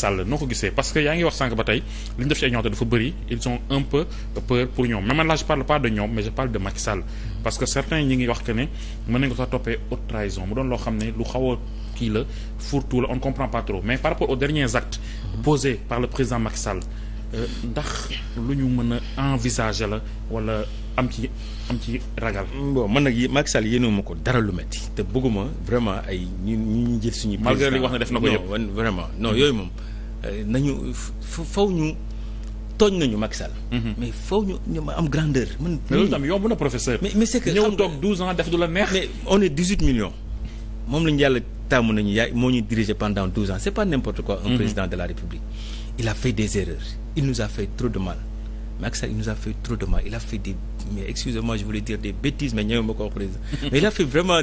Sall noo ko gisee parce que yaa ngi wax sànq ba tey li ñu def ci ay ñoom dafa bëri ils sont un peu peur pour ñoom mais man là je parle pas de ñoom mais je parle de Macky parce que certains ñi ngi wax que ne mën nañu ko sax toppee haute trahison mu doon loo xam ne lu xaw a kii la fourre la on comprend pas mais par rapport aux derniers actes posés par le président Macky Sall euh, ndax lu ñu mën a envisager la wala am ci am ci ragal. bon man nag yi Macky Sall yéenoo ma ko dara lu metti te bëgguma vraiment ay ñu ñu jël suñu. président malgré li wax na def na ko yëpp vraiment non yooyu moom. nañu faw ñu tooñ nañu Macky mhm. mais faw ñu ñu am grandeur. man mais mais c'est que ñëw toog 12 ans def du la neex. mais on est 18 millions moom lañu yàlla taamu nañu yaay moo ñu dirigé pendant 12 ans c'est pas n'importe quoi. un mhm. président de la République. il a fait des erreurs il nous a fait trop de mal Macky Sall il nous a fait trop de mal il a fait des mais excusez-moi je voulais dire des bêtises mais ñëw ma ko président. mais il a fait vraiment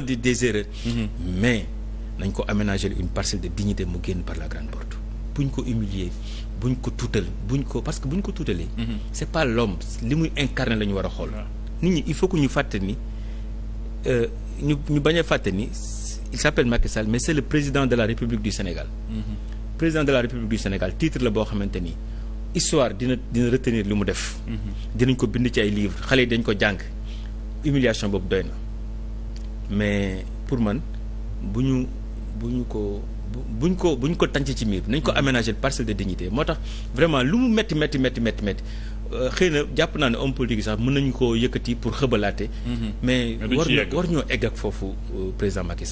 buñ ko humilier buñ ko tuutal buñ ko parce que buñ ko tuutalee. Mhm. c'est pas l'homme li muy incarné la ñu war a xool. nit ñi il faut que ñu fàtte ni euh, ñu ñu a fàtte ni il s'appelle Macky Sall mais c'est le président de la République du Sénégal. Mhm. président de la République du Sénégal titre la boo xamante ni histoire dina retenir li mu def. Mhm. dinañ ko bind ci ay livres xale yi dañ ko jàng humiliation boobu doy na mais pour man bu ñu. bu ñu ko buñ ko buñ ko tànc ci miir nañ ko aménager parcelle de dignité moo tax vraiment lu mu métti métti métti métti métti euh, xëy na jàpp naa ne homme politique sax mën nañu ko yëkkati pour xëbalaate mm-hmm. mais war war ñoo egg ak foofu euh, président Macky